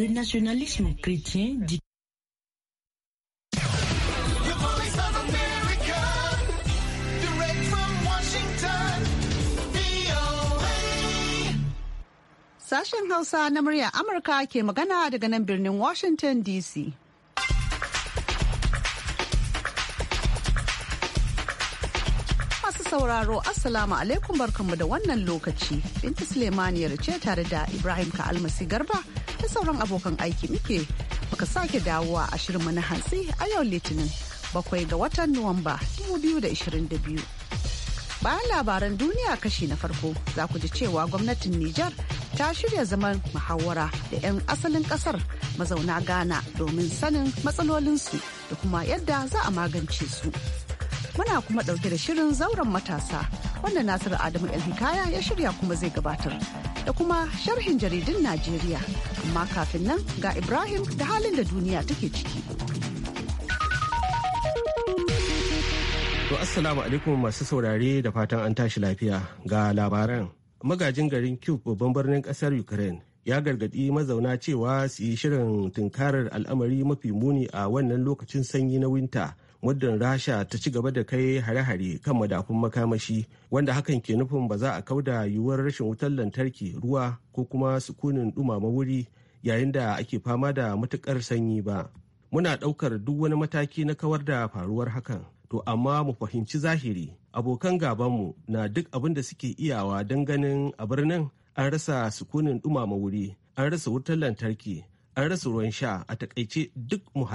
Le nationalisme chrétien dit Sashen Hausa na murya Amurka ke magana daga nan birnin Washington DC. sauraro Assalamu alaikum barkanmu da wannan lokaci. Binta Sulemaniyar ce tare da Ibrahim ka almasi Garba ta sauran abokan aiki muke muka sake dawowa a shirinmu na hantsi a yau Litinin bakwai ga watan Nuwamba 2022. Bayan labaran duniya kashi na farko za ku ji cewa gwamnatin Nijar ta shirya zaman muhawara da 'yan asalin kasar mazauna Ghana domin sanin matsalolinsu da kuma yadda za a magance su. Muna kuma ɗauke da shirin zauren matasa wanda Nasiru Adamu elhikaya ya shirya kuma zai gabatar da kuma sharhin jaridun Najeriya. Amma kafin nan ga Ibrahim da halin da duniya take ciki. To Assalamu alaikum masu saurare da fatan an tashi lafiya ga labaran. Magajin garin Cube babban birnin kasar Ukraine ya gargadi mazauna cewa su yi shirin tunkarar al'amari mafi muni a wannan lokacin sanyi na winter. muddin rasha ta ci gaba da kai hare-hare kan madafun makamashi wanda hakan ke nufin ba za a da yiwuwar rashin wutar lantarki ruwa ko kuma sukunin dumama wuri yayin da ake fama da matukar sanyi ba muna daukar duk wani mataki na kawar da faruwar hakan to amma mu fahimci zahiri abokan gabanmu na duk abin da suke iyawa don ganin a birnin an rasa sukunin dumama wuri an rasa wutar lantarki an rasa ruwan sha a takaice duk mu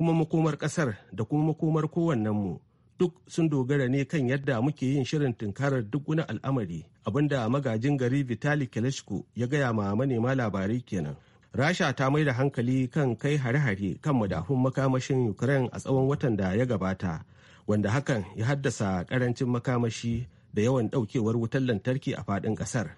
kuma makomar ƙasar da kuma makomar kowannenmu duk sun dogara ne kan yadda muke yin shirin tunkarar duk wani al'amari abinda magajin gari vitali klitschko ya gaya ma manema labarai kenan rasha ta mai da hankali kan kai hare-hare kan madafun makamashin ukraine a tsawon watan da ya gabata wanda hakan ya haddasa karancin makamashi da yawan daukewar wutar lantarki a fadin kasar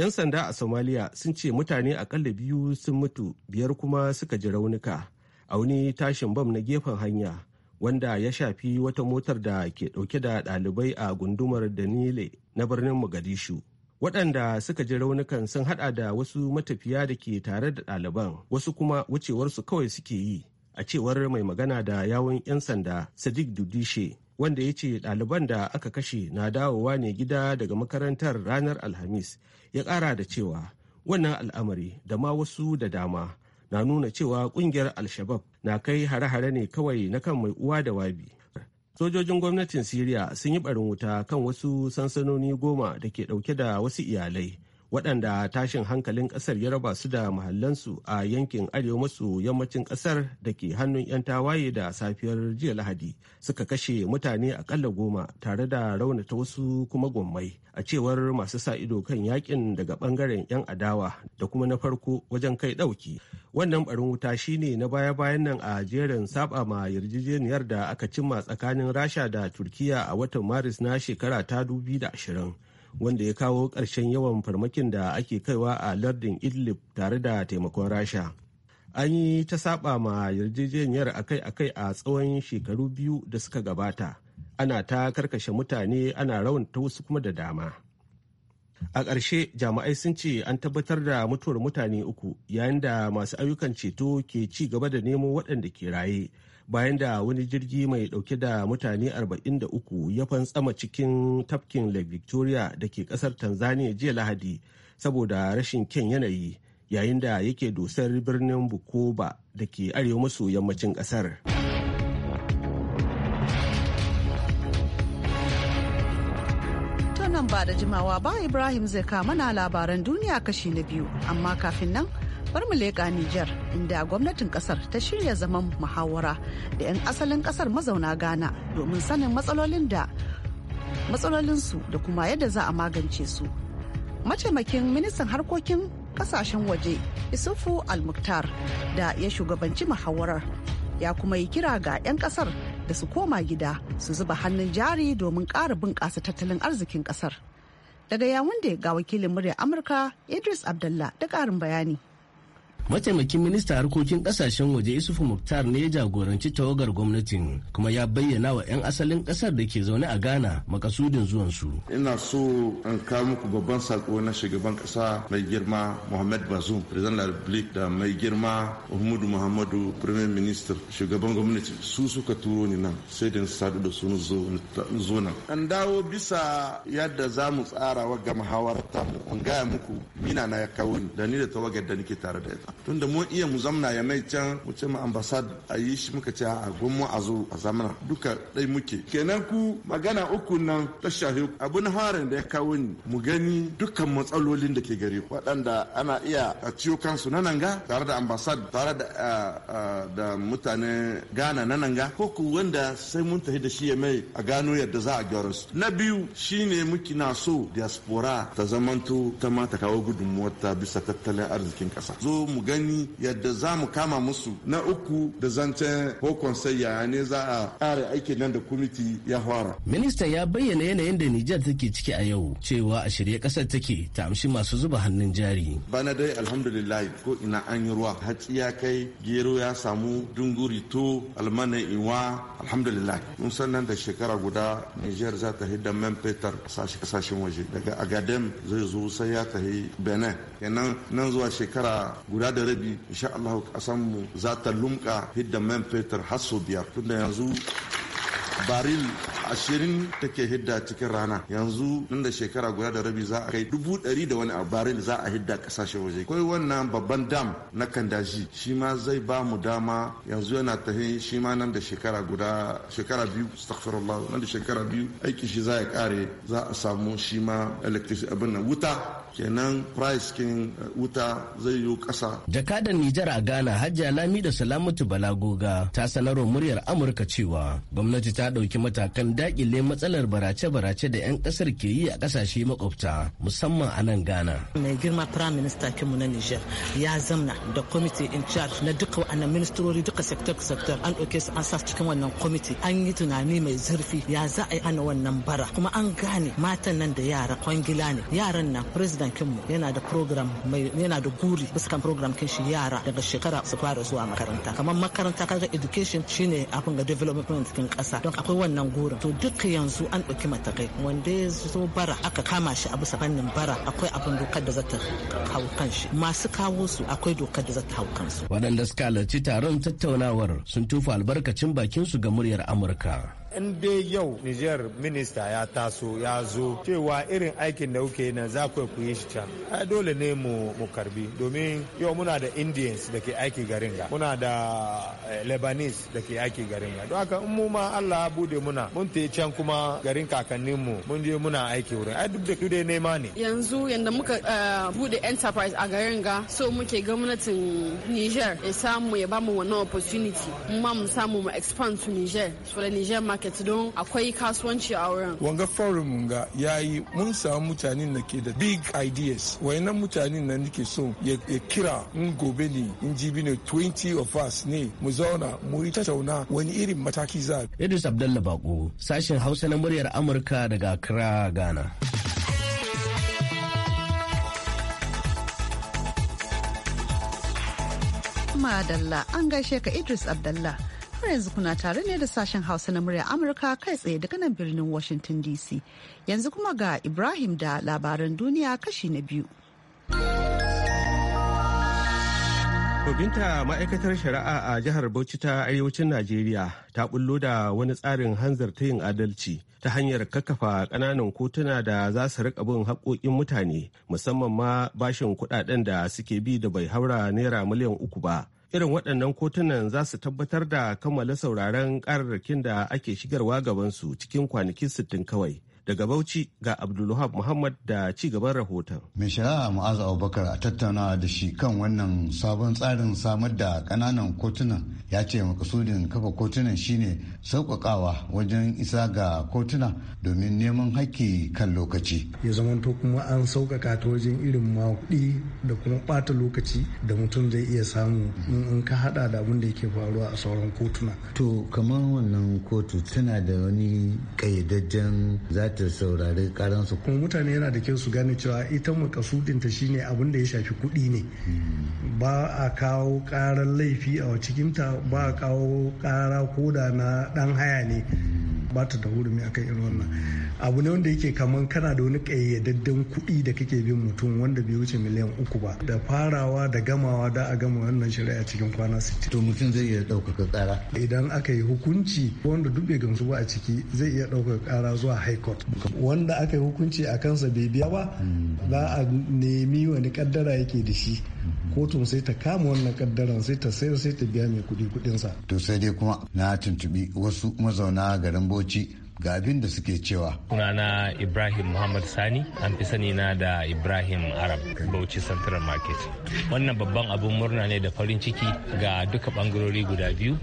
yan sanda a somalia sun ce mutane akalla biyu sun mutu biyar kuma suka ji raunuka a wani tashin bam na gefen hanya wanda ya shafi wata motar da ke dauke da dalibai a gundumar danile na birnin mogadishu waɗanda suka ji raunukan sun hada da wasu matafiya da ke tare da ɗaliban wasu kuma wucewarsu kawai suke yi a cewar mai magana da yawon 'yan sanda sadiq dudishe wanda ya ce ɗaliban da aka kashe na dawowa ne gida daga makarantar ranar alhamis ya ƙara da cewa wannan al'amari da ma wasu da dama na nuna cewa kungiyar Alshabab na kai hare-hare ne kawai na kan mai uwa da wabi sojojin gwamnatin siriya sun yi barin wuta kan wasu sansanoni goma da ke dauke da wasu iyalai waɗanda tashin hankalin ƙasar ya raba su da mahallansu a yankin arewa maso yammacin ƙasar da ke hannun 'yan tawaye da safiyar jiya lahadi suka kashe mutane aƙalla goma tare da raunata wasu kuma gwammai a cewar masu sa ido kan yakin daga ɓangaren 'yan adawa da kuma na farko wajen kai ɗauki wannan barin wuta shine na baya-bayan nan a jerin saba ma yarjejeniyar da aka cimma tsakanin rasha da turkiya a watan maris na shekara ta 2020 wanda ya kawo ƙarshen yawan farmakin da ake kaiwa a lardin idlib tare da taimakon rasha an yi ta saba ma yarjejeniyar akai-akai a tsawon shekaru biyu da suka gabata ana ta karkashe mutane ana raunta wasu kuma da dama a ƙarshe jami'ai sun ce an tabbatar da mutuwar mutane uku yayin da masu ayyukan ceto ke ci gaba da nemo waɗanda ke raye bayan da wani jirgi mai dauke da mutane 43 ya fantsama cikin tafkin lake victoria da ke kasar tanzania jiya lahadi saboda rashin kyan yanayi yayin da yake dosar birnin bukoba da ke arewa maso yammacin kasar nan ba da jimawa ba ibrahim zai kama na labaran duniya kashi na biyu amma kafin nan bar mu leƙa Nijar inda gwamnatin ƙasar ta shirya zaman muhawara da 'yan asalin ƙasar mazauna Ghana domin sanin matsalolin da matsalolinsu da kuma yadda za a magance su. Mataimakin ministan harkokin kasashen waje Isufu Al-Muktar da ya shugabanci muhawarar ya kuma yi kira ga 'yan kasar da su koma gida su zuba hannun jari domin ƙara bunƙasa tattalin arzikin kasar. Daga yawun ga wakilin murya Amurka Idris Abdullah da ƙarin bayani. mataimakin minista harkokin kasashen waje isufu muktar ne ya jagoranci tawagar gwamnatin kuma ya bayyana wa 'yan asalin kasar da ke zaune a ghana makasudin zuwansu ina so an kawo muku babban sako na shugaban kasa mai girma mohamed bazoum president republic da mai girma muhammadu muhammadu premier minister shugaban gwamnati su suka turo ni nan sai da sadu da sun zo nan an dawo bisa yadda za mu tsara wa ga muhawarar ta an gaya muku ina na ya kawo ni da ni da tawagar da nake tare da ita tunda mun iya mu zamna ya mai can mu ce mu ambasad a yi shi muka ce a gwamma a zo a zamana duka dai muke kenan ku magana uku nan ta shafe abin harin da ya kawo ni mu gani dukkan matsalolin da ke gari. waɗanda ana iya a ciyo kansu na nanga tare da ambasad tare da mutane gana na nanga ko ku wanda sai mun tafi da shi ya mai a gano yadda za a gyara su na biyu shine muke na so diaspora ta zamanto ta ma ta kawo gudunmuwar ta bisa tattalin arzikin kasa. zo mu gani yadda za mu kama musu na uku da zancen hokon yaya ne za a kare aiki nan da kwamiti ya fara. Ministan ya bayyana yanayin da Nijar take ciki a yau cewa a shirye kasar take ta amshi masu zuba hannun jari. Bana dai alhamdulillah ko ina an yi ruwa hatsi ya kai gero ya samu dunguri to almanin iwa alhamdulillah. Mun san nan da shekara guda Nijar za ta hidda man fetur kasashen waje daga Agadem zai zo sai ya tahi Benin. Kenan nan zuwa shekara guda da rabi insha Allah kasan mu za ta lumka hidda man fetur har sau biyar tunda yanzu baril ashirin take hidda cikin rana yanzu nan da shekara guda da rabi za a kai dubu ɗari da wani baril za a hidda ƙasashe waje kai wannan babban dam na kandaji shi ma zai ba mu dama yanzu yana tafi shi ma nan da shekara guda shekara biyu astaghfirullah nan da shekara biyu aiki shi za ya kare za a samu shi ma electricity abin nan wuta kenan price kin eh, wuta zai yi kasa. jakadan nijar a ghana hajja lami da salamatu balagoga ta sanarwa muryar amurka cewa gwamnati ta ɗauki matakan dakile matsalar barace-barace da 'yan ƙasar ke yi a ƙasashe makwabta musamman a nan ghana mai girma prime minister kinmu na nijar ya zamna da kwamiti in charge na duka wa'annan ministrori duka sector sector an ɗauke su an sa cikin wannan kwamiti an yi tunani mai zurfi ya za a yi ana wannan bara kuma an gane matan nan da yara kwangila ne yaran nan president ministan kinmu yana da program mai yana da guri biskan program kin shi yara daga shekara su fara zuwa makaranta kamar makaranta kaga education shine abin ga development kin kasa don akwai wannan gurin to duk yanzu an ɗauki matakai wanda ya zo bara aka kama shi a bisa fannin bara akwai abin dokar da za ta hau kan shi masu kawo su akwai dokar da zata ta hau su waɗanda suka halarci taron tattaunawar sun tufa albarkacin bakin su ga muryar amurka in dai yau Niger minista ya taso ya zo cewa irin aikin da kuke nan za ku yi shi can. Ai dole ne mu mu karbi domin yau muna da Indians da ke aiki garin ga. Muna da eh, Lebanese da ke aiki garin ga. Don haka in mu ma Allah ya bude muna mun te can kuma garin kakannin mu mun je muna aiki wurin. Ai duk da duk dai nema ne. Yanzu yanda muka eh, bude enterprise a garin ga so muke gwamnatin Niger ya samu ya bamu wannan opportunity. Mu ma mu samu mu expand to Niger. So da Niger market market don akwai kasuwanci a wurin wanga forum mun ya yi mun samu mutanen da ke da big ideas wayannan mutanen na nake so ya kira in gobe ne in jibi ne 20 of us ne mu zauna mu yi tattauna wani irin mataki za Idris Abdullahi Bako sashen Hausa na muryar Amurka daga Accra Ghana Madalla an gaishe ka Idris Abdallah har yanzu kuna tare ne da sashen hausa na murya amurka kai tsaye daga nan birnin washington dc yanzu kuma ga ibrahim da labaran duniya kashi na biyu binta ma'aikatar shari'a a jihar bauchi ta arewacin najeriya ta bullo da wani tsarin hanzarta yin adalci ta hanyar kakkafa kananan kotuna da za su rika bin haƙoƙin mutane musamman ma bashin kuɗaɗen da suke bi da bai haura naira miliyan uku ba irin waɗannan kotunan za su tabbatar da kammala sauraren ƙararrakin da ake shigarwa gabansu cikin kwanaki sittin kawai Daga Bauchi ga Abdulwahab Muhammad da ci gaban rahoton. Mai shari'a Mu'azu Abubakar a tattauna da shi kan wannan sabon tsarin samar da kananan kotunan ya ce makasudin kafa kotunan shine sauƙaƙawa wajen isa ga kotuna domin neman haƙƙi kan lokaci. Ya zamanto kuma an sauƙaƙa ta wajen irin kuɗi da kuma ɓata lokaci da mutum zai iya samu in ka haɗa da abin da yake faruwa a sauran kotuna. To kamar wannan kotu tana da wani ƙayyadajjen za ta saurari karansu kuma mutane yana da kyau su gane cewa ita makasudinta shine abin da ya shafi kuɗi ne hmm. ba a kawo karar laifi a cikinta ba a kawo kara koda na dan haya ne hmm. ba ta da hurumi akan irin wannan abu ne wanda yake kaman kana da wani kayyadadden kuɗi da kake bin mutum wanda bai wuce miliyan uku ba da farawa da gamawa da a gama wannan shari'a cikin kwana 60 to mutum zai iya ɗaukaka ƙara idan aka yi hukunci wanda duk bai gamsu ba a ciki zai iya ɗaukaka ƙara zuwa high court wanda aka yi hukunci a kansa bai biya ba hmm. za a nemi wani kaddara yake da shi hmm. kotun sai ta kama wannan kaddaran sai ta sayar sai ta biya mai kuɗi kuɗinsa to sai dai kuma na tuntubi wasu mazauna garin bauchi technology ga abin da suke cewa. Sunana Ibrahim Muhammad Sani, an fi sani na da Ibrahim Arab Bauchi Central Market. Wannan babban abin murna ne da farin ciki ga duka bangarori guda biyu.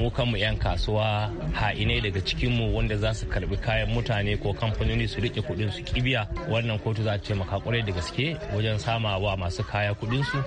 Mu kanmu 'yan kasuwa ha'inai daga cikinmu wanda za su karbi kayan mutane ko kamfanoni su rike kuɗin su kibiya. Wannan kotu za ce taimaka kwarai da gaske wajen sama wa masu kaya kuɗinsu. su.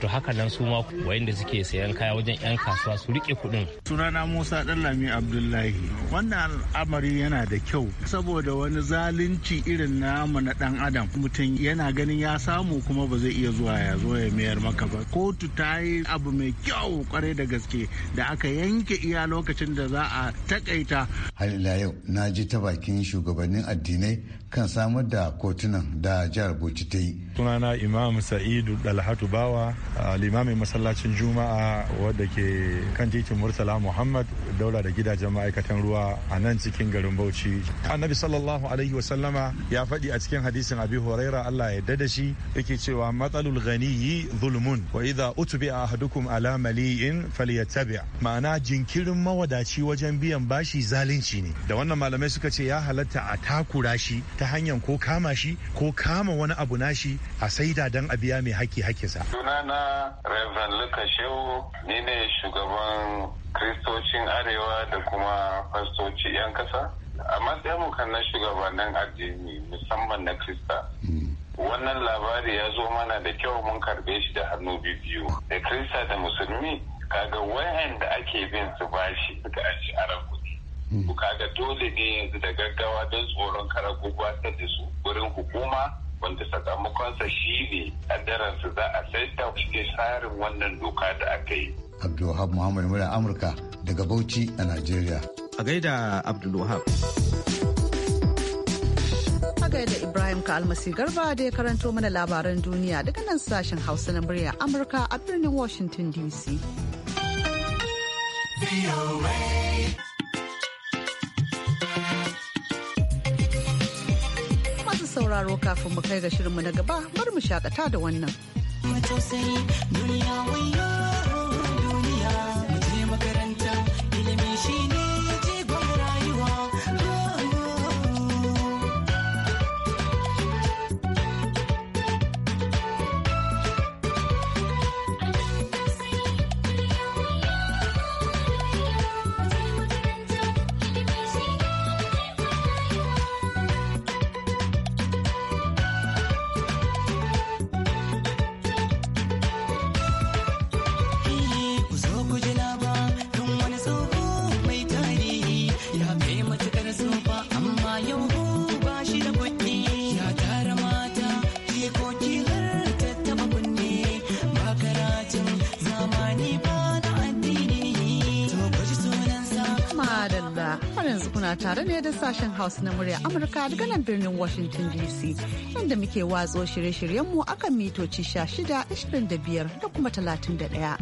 To haka nan su ma wayanda suke sayan kaya wajen 'yan kasuwa su rike kuɗin. Sunana Musa Dallami Abdullahi. Wannan al'amari al'amari yana da kyau saboda wani zalunci irin namu na dan adam mutum yana ganin ya samu kuma ba zai iya zuwa ya zo ya mayar maka ba kotu ta yi abu mai kyau kwarai da gaske da aka yanke iya lokacin da za a takaita har ila yau na ji ta bakin shugabannin addinai kan samar da kotunan da jihar Bauchi ta yi. Sunana Imam Sa'idu Dalhatu Bawa, limamin masallacin Juma'a wadda ke kan titin Murtala Muhammad daura da gidajen ma'aikatan ruwa a nan cikin garin Bauchi. Annabi sallallahu alaihi wasallama ya faɗi a cikin hadisin Abi Huraira Allah ya dada shi yake cewa matsalul ganiyi zulmun wa idza utbi ahadukum ala mali'in falyattabi' ma'ana jinkirin mawadaci wajen biyan bashi zalunci ne. Da wannan malamai suka ce ya halatta a takura shi ta hanyar ko kama shi ko kama wani abu nashi a saida don a biya mai haki hakisa. sunana reverend luka shehu ni ne shugaban kristocin arewa da kuma fastoci 'yan kasa a matsayin na shugabannin addini musamman na krista hmm. wannan labari ya zo mana da kyau mun karbe shi da hannu biyu da krista da musulmi kaga wayan da ake bin su bashi suka ci arabu. kuka ga dole ne yanzu da gaggawa don tsoron kara gurbatar da su wurin hukuma wanda sakamakonsa shi ne su za a saita shi tsarin wannan doka da aka yi. Abdulwahab Muhammadu Mura Amurka daga Bauchi a Najeriya. A gaida Abdulwahab. A gaida Ibrahim ka Almasi Garba da ya karanto mana labaran duniya daga nan sashen Hausa na murya Amurka a birnin Washington DC. sauraro kafin mu kai ga shirinmu na gaba bar mu shakata da wannan. duniya tare ne da sashen Hausa na murya Amurka daga nan birnin Washington DC inda muke watso shirye shiryen mu akan mitoci 16, 25 da kuma 31.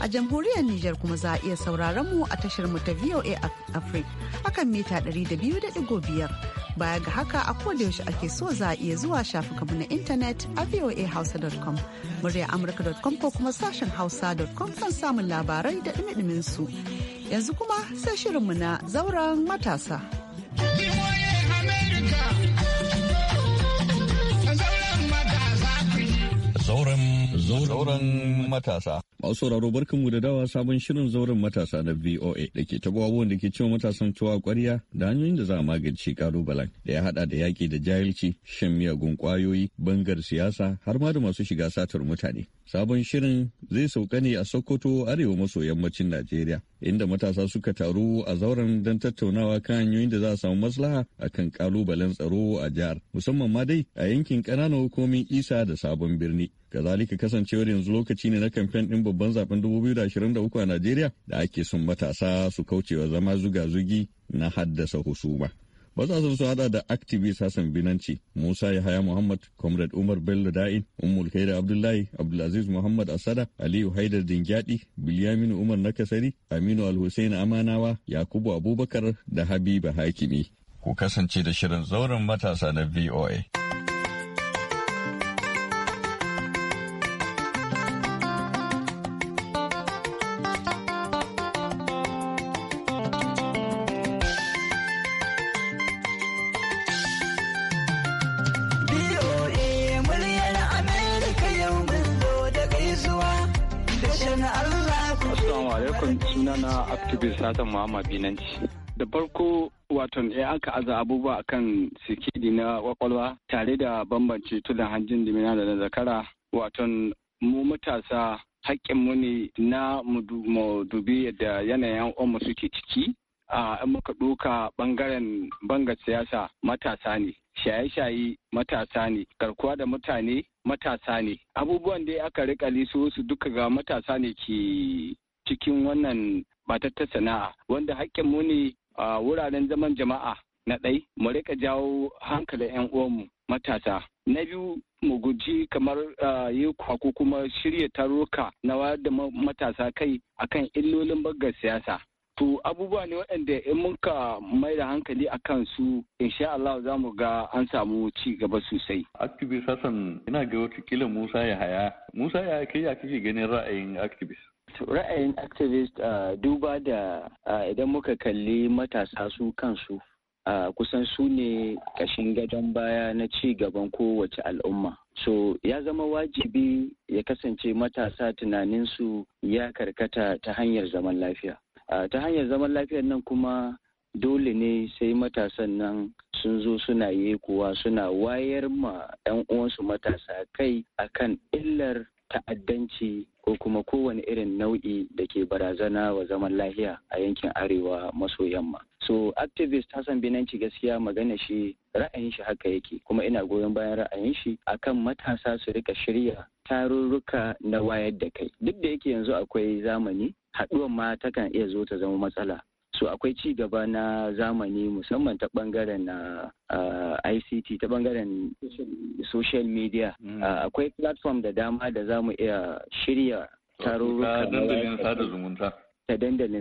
A jamhuriyar Nijar kuma za a iya sauraron mu a tashar mu ta VOA Africa akan mita 200.5. baya ga haka a yaushe ake so za a iya zuwa shafukanmu na intanet a voahausa.com murya amurka.com ko kuma sashen hausa.com kan samun labarai da dumi su Yanzu kuma sai shirinmu na zauren matasa. Zauren matasa. Masu sauraro barkanmu da dawa sabon shirin zauren matasa na VOA da ke tabo abubuwan da ke cewa matasan tuwa kwarya da hanyoyin da za a magance kalubalen da ya haɗa da yaƙi da jahilci, shan miyagun kwayoyi, bangar siyasa har ma da masu shiga satar mutane. Sabon shirin zai sauka ne a Sokoto arewa maso yammacin Najeriya inda matasa suka taru a zauren don tattaunawa kan hanyoyin da za a samu maslaha a kan kalubalen tsaro a jihar musamman ma dai a yankin kananan hukumomin isa da sabon birni kazalika kasancewar yanzu lokaci ne na kamfen ɗin babban zaben 2023 a najeriya da ake son matasa su kaucewa zama zuga-zugi na haddasa husuma za su hada da activist Hassan Binanci, Musa Yahaya Muhammad, Comrade Umar Bello Da'in, Ummul da Abdullahi, Abdulaziz Muhammad Asada, Aliyu Haidar Dingyadi, Bilyamin Umar Nakasari, Aminu Alhussein Amanawa, Yakubu Abubakar da Habiba Hakimi. Ku kasance da shirin zauren matasa na VOA. Hassan Muhammad Binanci. Da farko wato ya eh, aka aza abubuwa akan sikidi na kwakwalwa tare da bambance tulin hanjin dimina da na zakara waton mu matasa mu ne na mu dubi yadda yanayin mu suke ciki a muka ɗoka ɓangaren banga siyasa matasa ne shaye-shaye matasa ne garkuwa da mutane matasa ne abubuwan da aka rika su duka ga matasa ne ke cikin wannan matar ta sana'a wanda hakkin mu ne a wuraren zaman jama'a na ɗai mu rika jawo hankalin 'yan uwanmu matasa na biyu mu guji kamar yi ko kuma shirya taruka na wayar da matasa kai akan illolin bagar siyasa to abubuwa ne waɗanda in muka mai da hankali a kansu insha Allah za mu ga an samu ci gaba sosai. Activist Hassan ina ga wata kila Musa ya haya. Musa ya kai ya kake ganin ra'ayin activist? ra'ayin activist uh, duba da uh, idan muka kalli matasa su kansu uh, kusan su ne kashin gadon baya na ci gaban kowace al'umma so ya zama wajibi ya kasance matasa tunaninsu ya karkata ta hanyar zaman lafiya ta hanyar zaman lafiyar nan kuma dole ne sai matasan nan sun zo suna yi kuwa suna wayar ma 'yan uwansu matasa kai akan illar ta'addanci ko kuma kowane irin nau'i da ke barazana wa zaman lahiya a yankin arewa maso yamma. So activist Hassan Binanci gaskiya magana shi ra'ayin shi haka yake kuma ina goyon bayan ra'ayin shi akan matasa su rika shirya tarurruka na wayar da kai. Duk da yake yanzu akwai zamani haɗuwan ma takan iya zo ta zama matsala so akwai ci gaba na zamani musamman ta bangaren na uh, ICT ta bangaren social media mm. akwai platform da dama da za mu iya shirya tarurruka ta dandalin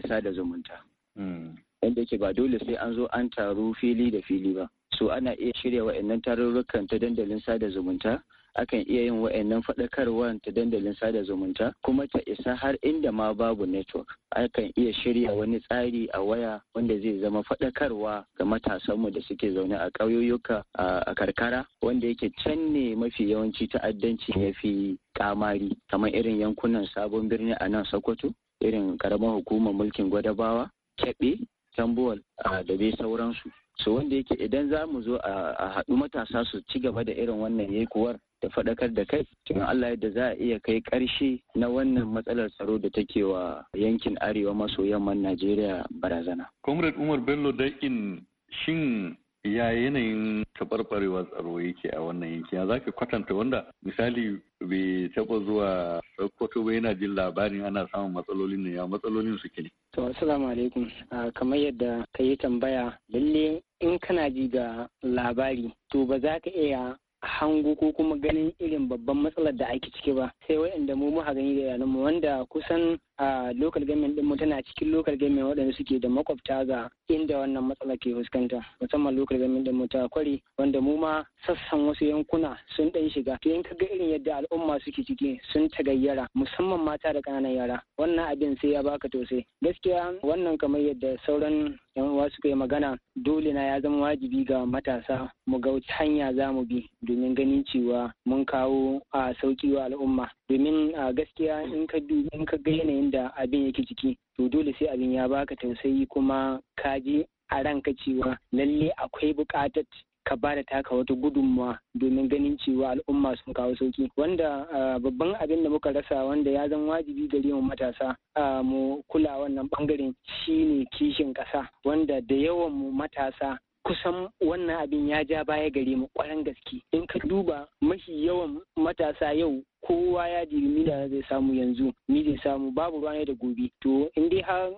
sada zumunta wanda mm. yake ba dole sai an zo an taru fili da fili ba so ana iya shirya wa'annan tarurrukan ta dandalin sada zumunta akan iya yin wa'annan faɗakarwar ta dandalin sada zumunta kuma ta isa har inda ma babu network akan iya shirya wani tsari a waya wanda zai zama faɗakarwa ga matasanmu da suke zaune a ƙauyoyuka a karkara wanda yake canne mafi yawanci ta'addanci ya fi kamari kamar irin yankunan sabon birni a nan sokoto irin karamar hukumar mulkin gwadabawa keɓe tambuwal da dai sauransu so wanda yake idan za mu zo a haɗu matasa su ci gaba da irin wannan yekuwar da faɗakar da kai cikin Allah yadda za a iya kai ƙarshe na wannan matsalar tsaro da take wa yankin arewa maso yamman Najeriya barazana. Comrade Umar Bello Dakin shin ya yanayin taɓarɓarewa tsaro yake a wannan yanki ya zaka kwatanta wanda misali bai taɓa zuwa sokoto ba yana jin labarin ana samun matsalolin ne ya matsalolin suke ne. to assalamu alaikum kamar yadda ka yi tambaya lalle in kana ji ga labari to ba za ka iya Hangu ko kuma ganin irin babban matsalar da ake ciki ba sai waɗanda mu muka gani da mu wanda kusan a local government din mu tana cikin local government waɗanda suke da makwabta ga inda wannan matsala ke fuskanta musamman local government din mu ta kware wanda mu ma sassan wasu yankuna sun ɗan shiga to in ka ga irin yadda al'umma suke ciki sun tagayyara musamman mata da ƙananan yara wannan abin sai ya baka tausayi gaskiya wannan kamar yadda sauran yan uwa suka yi magana dole na ya zama wajibi ga matasa mu ga hanya za mu bi domin ganin cewa mun kawo a sauki wa al'umma domin gaskiya in ka in ka ga yanayin yanayin da abin yake ciki to dole sai abin ya baka tausayi kuma ka ji a ranka cewa lalle akwai buƙatar ka ba da taka wata gudunmawa domin ganin cewa al'umma sun kawo sauki wanda babban abin da muka rasa wanda ya zan wajibi gare mu matasa mu kula wannan bangaren shine kishin ƙasa wanda da yawan mu matasa kusan wannan abin ya ja baya gare mu kwaran gaske in ka duba mafi yawan matasa yau kowa ya dirimi da zai samu yanzu ni zai samu babu ruwa ne da gobe to in dai har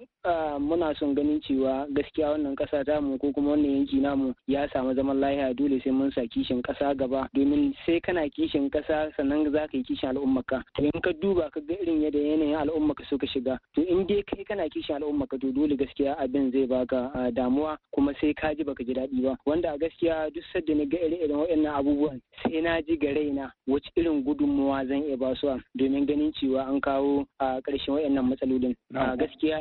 muna son ganin cewa gaskiya wannan kasa ta mu ko kuma wannan yanki namu ya samu zaman lahiya dole sai mun sa kishin kasa gaba domin sai kana kishin kasa sannan za ka yi kishin al'ummaka to in ka duba ka ga irin yadda yanayin al'ummarka suka shiga to in dai kai kana kishin al'ummaka to dole gaskiya abin zai baka damuwa kuma sai ka ji baka ji daɗi ba wanda a gaskiya duk sadda na ga irin irin waɗannan abubuwan sai na ji ga raina wacce irin gudunmuwa zan iya su domin ganin cewa an kawo a ƙarshen waɗannan matsalolin a gaskiya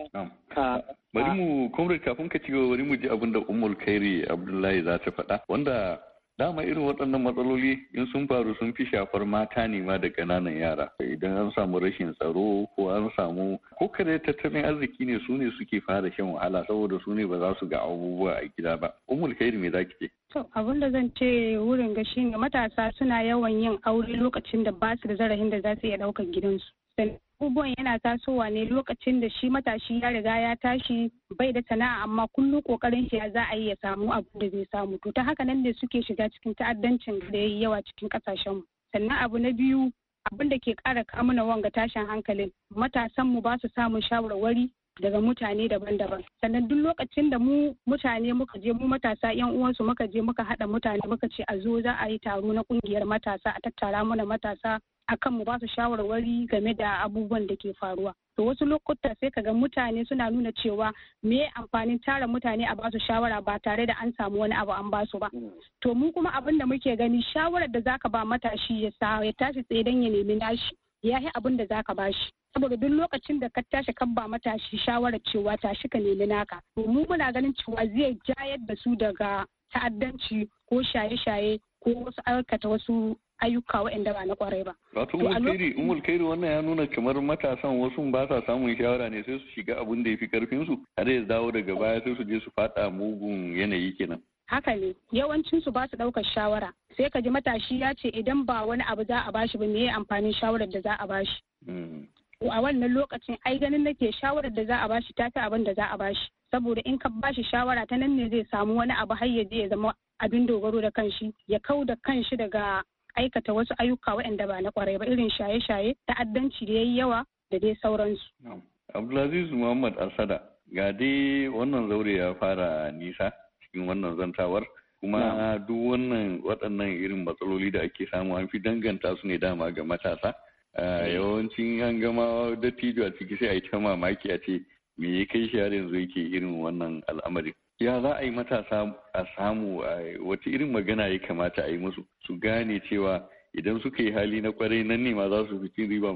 bari mu kafin ka ci gaba bari mu ji abin da umul kairi abdullahi za ta faɗa wanda dama irin waɗannan matsaloli in sun faru sun fi shafar mata ne ma da ƙananan yara idan an samu rashin tsaro ko an samu ko kare tattalin arziki ne su ne suke fara shan wahala saboda su ne ba za su ga abubuwa a gida ba umul khair me zaki ce to abin da zan ce wurin ga shine matasa suna yawan yin aure lokacin da ba su da zarafin da za su iya ɗaukar gidansu abubuwan yana tasowa ne lokacin da shi matashi ya riga ya tashi bai da sana'a amma kullum kokarin shi ya za a yi ya samu abu da zai samu to ta haka nan ne suke shiga cikin ta'addancin da ya yi yawa cikin kasashen mu sannan abu na biyu abin da ke kara kamuna wanga tashin hankalin matasan mu ba su samun shawarwari daga mutane daban-daban sannan duk lokacin da mu mutane muka je mu matasa yan uwansu muka je muka haɗa mutane muka ce a zo za a yi taro na ƙungiyar matasa a tattara mana matasa akan mu ba su shawarwari game da abubuwan da ke faruwa to wasu lokuta sai kaga mutane suna nuna cewa me amfanin tara mutane a basu shawara ba tare da an samu wani abu an basu ba to mu kuma abin da muke gani shawarar da zaka ba matashi ya sa ya tashi tsaye dan ya nemi nashi ya yi abin da zaka bashi saboda duk lokacin da ka tashi kan ba matashi shawarar cewa tashi ka nemi naka to mu muna ganin cewa zai jayar da su daga ta'addanci ko shaye-shaye ko wasu aikata wasu ayyuka waɗanda ba na kwarai ba. Wato umul kairi wannan ya nuna kamar matasan wasu ba sa samun shawara ne sai su shiga abin da ya fi karfin su har ya dawo daga baya sai su je su fada mugun yanayi kenan. haka ne yawancin su ba su ɗaukar shawara sai ka ji matashi ya ce idan ba wani abu za a bashi ba me ya amfanin shawarar da za a bashi hmm. a wannan lokacin ai ganin nake shawarar da za a bashi ta fi abin da za a bashi saboda in ka bashi shawara ta nan ne zai samu wani abu har ya je ya zama abin dogaro da kanshi ya kau da kanshi daga aikata wasu ayyuka waɗanda ba na kwarai ba irin shaye-shaye ta'addanci da yayi yawa da dai sauransu. Abdulaziz Muhammad asada ga dai wannan zaure ya fara nisa cikin wannan zantawar kuma duk wannan waɗannan irin matsaloli da ake samu an fi danganta su ne dama ga matasa eh. yawancin an gama dattijo a ciki sai a yi ta mamaki a ce me ya kai shi har yanzu yake irin wannan al'amari ya za a yi matasa a samu wata irin magana ya kamata a yi musu su gane cewa idan suka yi hali na kwarai nan ne ma za su fi cin riba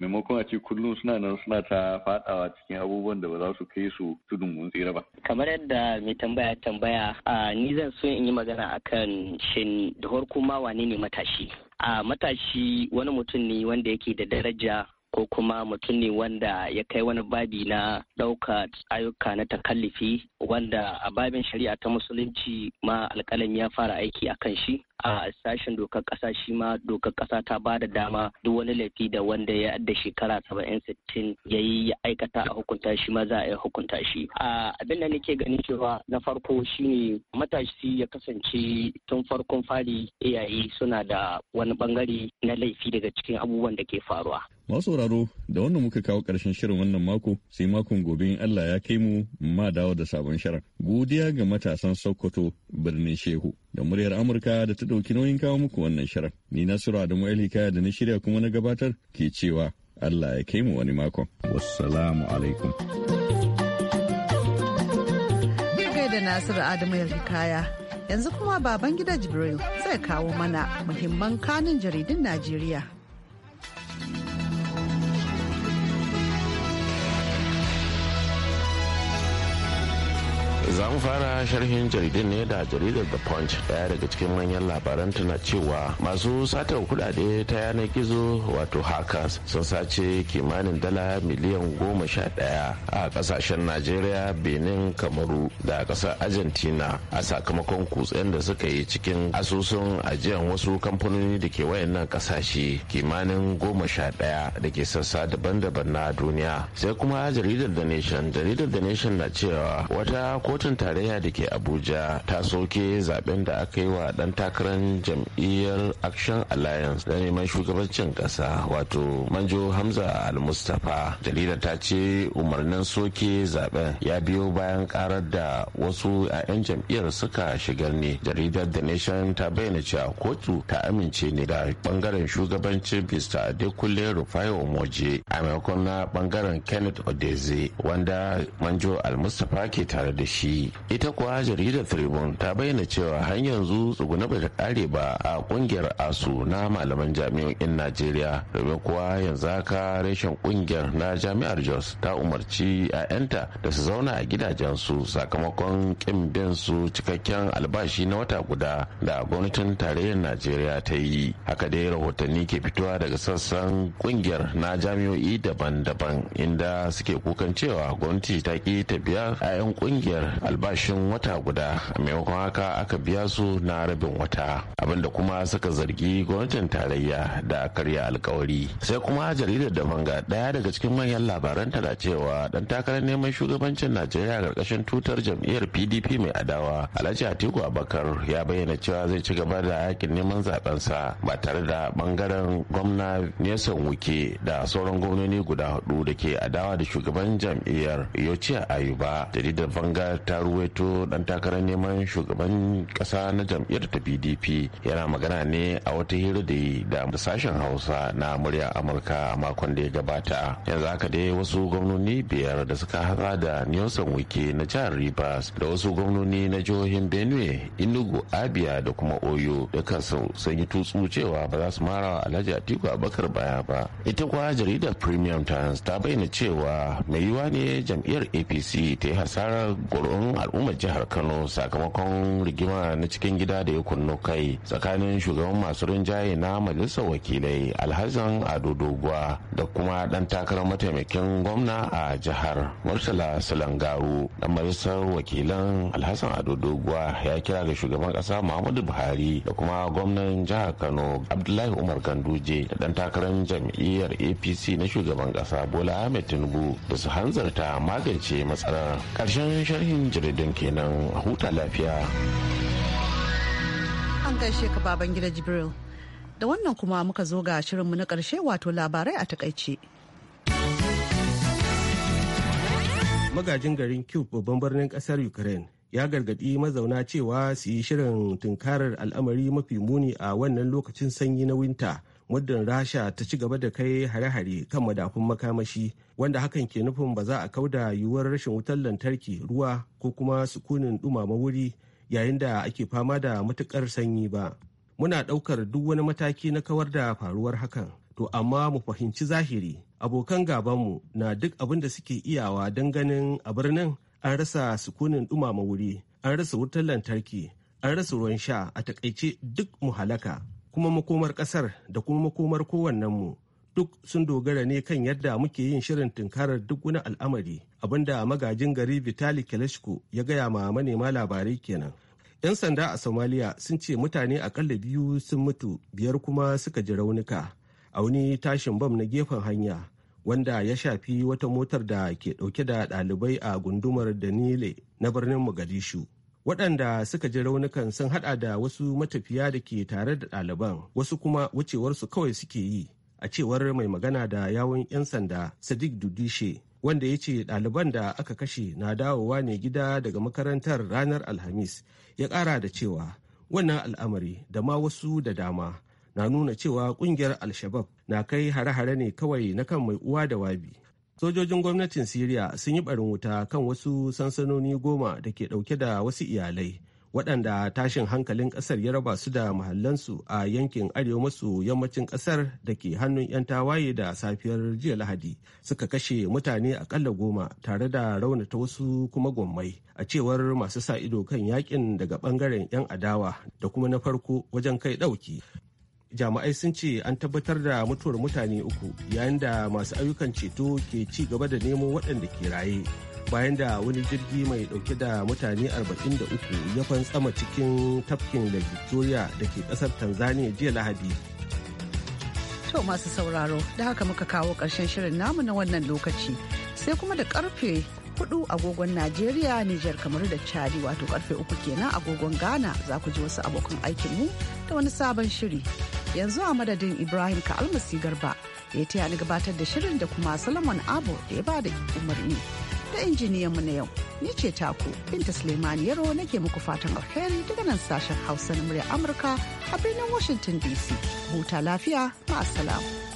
maimakon a ce kullum suna nan suna ta fadawa cikin abubuwan da ba za su kai su tudun mun tsira ba. Kamar yadda mai tambaya tambaya ni zan so in yi magana akan shin da farko ma wane ne matashi? A matashi wani mutum ne wanda yake da daraja ko kuma mutum ne wanda ya kai wani babi na ɗauka ayyuka na takallifi wanda a babin shari'a ta musulunci ma alƙalan ya fara aiki a kan shi a sashen dokar ƙasa shi ma dokar ƙasa ta ba da dama duk wani laifi da wanda ya da shekara saba'in sittin ya yi ya aikata a hukunta shi ma za a hukunta shi a abin da nake ganin cewa na farko shine matashi ya kasance tun farkon fari iyaye suna da wani bangare na laifi daga cikin abubuwan da ke faruwa Masu sauraro da wannan muka kawo ƙarshen shirin wannan mako sai makon gobe in Allah ya kai mu ma dawo da sabon shirin. Godiya ga matasan Sokoto birnin Shehu da muryar Amurka da ta ɗauki nauyin kawo muku wannan shirin. Ni na sura da mu'ali kaya da na shirya kuma na gabatar ke cewa Allah ya kai mu wani makon. Wassalamu alaikum. da Nasiru Adamu ya kaya. Yanzu kuma baban gida Jibril zai kawo mana muhimman kanun jaridun Najeriya. Za mu fara sharhin jaridun ne da jaridar The Punch daya daga cikin manyan labaran tana cewa masu satar kudade ta yanar gizo wato hackers sun sace kimanin dala miliyan goma sha daya a kasashen Najeriya, Benin, Kamaru da kasar Argentina a sakamakon kutsen da suka yi cikin asusun ajiyar wasu kamfanoni da ke wayannan kasashe kimanin goma sha daya da ke sassa daban-daban na duniya. Sai kuma jaridar The Nation, jaridar The Nation na cewa wata kotun kotun tarayya da ke abuja ta soke zaben da aka yi wa dan takarar jam'iyyar action alliance da neman shugabancin kasa wato manjo hamza al-mustapha jaridar ta ce umarnin soke zaben ya biyo bayan karar da wasu a 'yan jam'iyyar suka shigar ne jaridar the nation ta bayyana cewa kotu ta amince ne da bangaren shugabancin mr adekunle rufai omoje a maimakon na bangaren kenneth odeze wanda manjo al-mustapha ke tare da shi ita kuwa jaridar tribune ta bayyana cewa har yanzu tsuguna bata kare ba a kungiyar asu na malaman jami'o'in najeriya domin kuwa yanzu haka reshen kungiyar na jami'ar jos ta umarci a 'yanta da su zauna a gidajensu sakamakon kin su cikakken albashi na wata guda da gwamnatin tarayyar najeriya ta yi haka dai rahotanni ke fitowa daga sassan kungiyar na jami'o'i daban-daban inda suke kukan cewa gwamnati ta ki ta biya 'ya'yan kungiyar albashin wata guda maimakon haka aka biya su na rabin wata abinda kuma suka zargi gwamnatin tarayya da karya alkawari sai kuma jaridar da banga daya daga cikin manyan labaran tana cewa dan takarar neman shugabancin najeriya karkashin tutar jam'iyyar pdp mai adawa alhaji atiku abakar ya bayyana cewa zai ci gaba da yakin neman zabensa ba tare da bangaren gwamna nesan wuke da sauran gwamnoni guda hudu da ke adawa da shugaban jam'iyyar a ayuba jaridar banga ta ruwaito dan takarar neman shugaban kasa na jam'iyyar ta pdp yana magana ne a wata hira da yi da sashen hausa na murya amurka a makon da ya gabata yanzu haka dai wasu gwamnoni biyar da suka hada da nelson wike na jihar rivers da wasu gwamnoni na jihohin benue inugu abia da kuma oyo dukansu sun yi tutsu cewa ba za su mara wa alhaji atiku abakar baya ba ita kuwa jaridar premium times ta bayyana cewa mai yiwa ne jam'iyyar apc ta yi hasarar ƙuri'un al'ummar jihar kano sakamakon rigima na cikin gida da ya kunno kai tsakanin shugaban masu rinjaye na majalisar wakilai alhazan ado doguwa da kuma dan takarar mataimakin gwamna a jihar murtala sulangaru dan majalisar wakilan alhassan ado doguwa ya kira ga shugaban kasa muhammadu buhari da kuma gwamnan jihar kano abdullahi umar ganduje da dan takarar jam'iyyar apc na shugaban kasa bola ahmed tinubu da su hanzarta magance matsalar karshen sharhin 'yan kenan huta lafiya an gaishe ka baban gida jibril da wannan kuma muka zo ga shirinmu na ƙarshe wato labarai a takaice magajin garin cube babban birnin ƙasar ukraine ya gargaɗi mazauna cewa su yi shirin tunkarar al'amari mafi muni a wannan lokacin sanyi na winter. muddin rasha ta ci gaba da kai hare-hare kan madafun makamashi wanda hakan ke nufin ba za a da yiwuwar rashin wutar lantarki ruwa ko kuma sukunin dumama wuri yayin da ake fama da matukar sanyi ba muna daukar duk wani mataki na kawar da faruwar hakan to amma mu fahimci zahiri abokan gabanmu na duk abin da suke iyawa don ganin a birnin an rasa sukunin dumama wuri an rasa wutar lantarki an rasa ruwan sha a takaice duk mu halaka kuma makomar ƙasar da kuma makomar kowannenmu duk sun dogara ne kan yadda muke yin shirin tunkarar duk wani al'amari abinda magajin gari vitali keleshko ya gaya ma manema labarai kenan 'yan sanda a somaliya sun ce mutane akalla biyu sun mutu biyar kuma suka ji raunuka a wani tashin bam na gefen hanya wanda ya shafi wata motar da ke dauke da dalibai a gundumar danile na birnin mogadishu waɗanda suka ji raunukan sun haɗa da wasu matafiya da ke tare da ɗaliban wasu kuma wucewarsu kawai suke yi a cewar mai magana da yawon 'yan sanda sadiq dudishe wanda ya ce ɗaliban da aka kashe na dawowa ne gida daga makarantar ranar alhamis ya kara da cewa wannan al'amari da ma wasu da dama na nuna cewa ƙungiyar alshabab na kai hare-hare ne kawai na kan mai uwa da wabi sojojin gwamnatin Siriya sun yi barin wuta kan wasu sansanoni goma da ke dauke da wasu iyalai waɗanda tashin hankalin ƙasar ya raba su da mahallansu a yankin arewa maso yammacin ƙasar da ke hannun 'yan tawaye da safiyar jiya lahadi suka kashe mutane aƙalla goma tare da raunata wasu kuma gwammai a cewar masu sa ido kan yakin daga ɓangaren 'yan adawa da kuma na farko wajen kai ɗauki jami'ai sun ce an tabbatar da mutuwar mutane uku yayin da masu ayyukan ceto ke ci gaba da nemo waɗanda ke raye bayan da wani jirgi mai ɗauke da mutane 43 ya fantsama cikin tafkin da victoria da ke ƙasar tanzania jiya lahadi to masu sauraro da haka muka kawo ƙarshen shirin namu na wannan lokaci sai kuma da karfe 4 agogon Najeriya, Nijar kamar da Chadi wato karfe uku kenan agogon Ghana za ku ji wasu abokan aikin mu da wani sabon shiri. Yanzu a madadin Ibrahim ka almasi garba ya taya ni gabatar da shirin da kuma Solomon abo da ya bada umarni. Da injiniyan mu na yau, ni ce taku Binta Suleiman Yaro nake muku fatan alheri daga nan sashen Hausa na murya Amurka a birnin Washington DC. Huta lafiya, ma'asalamu.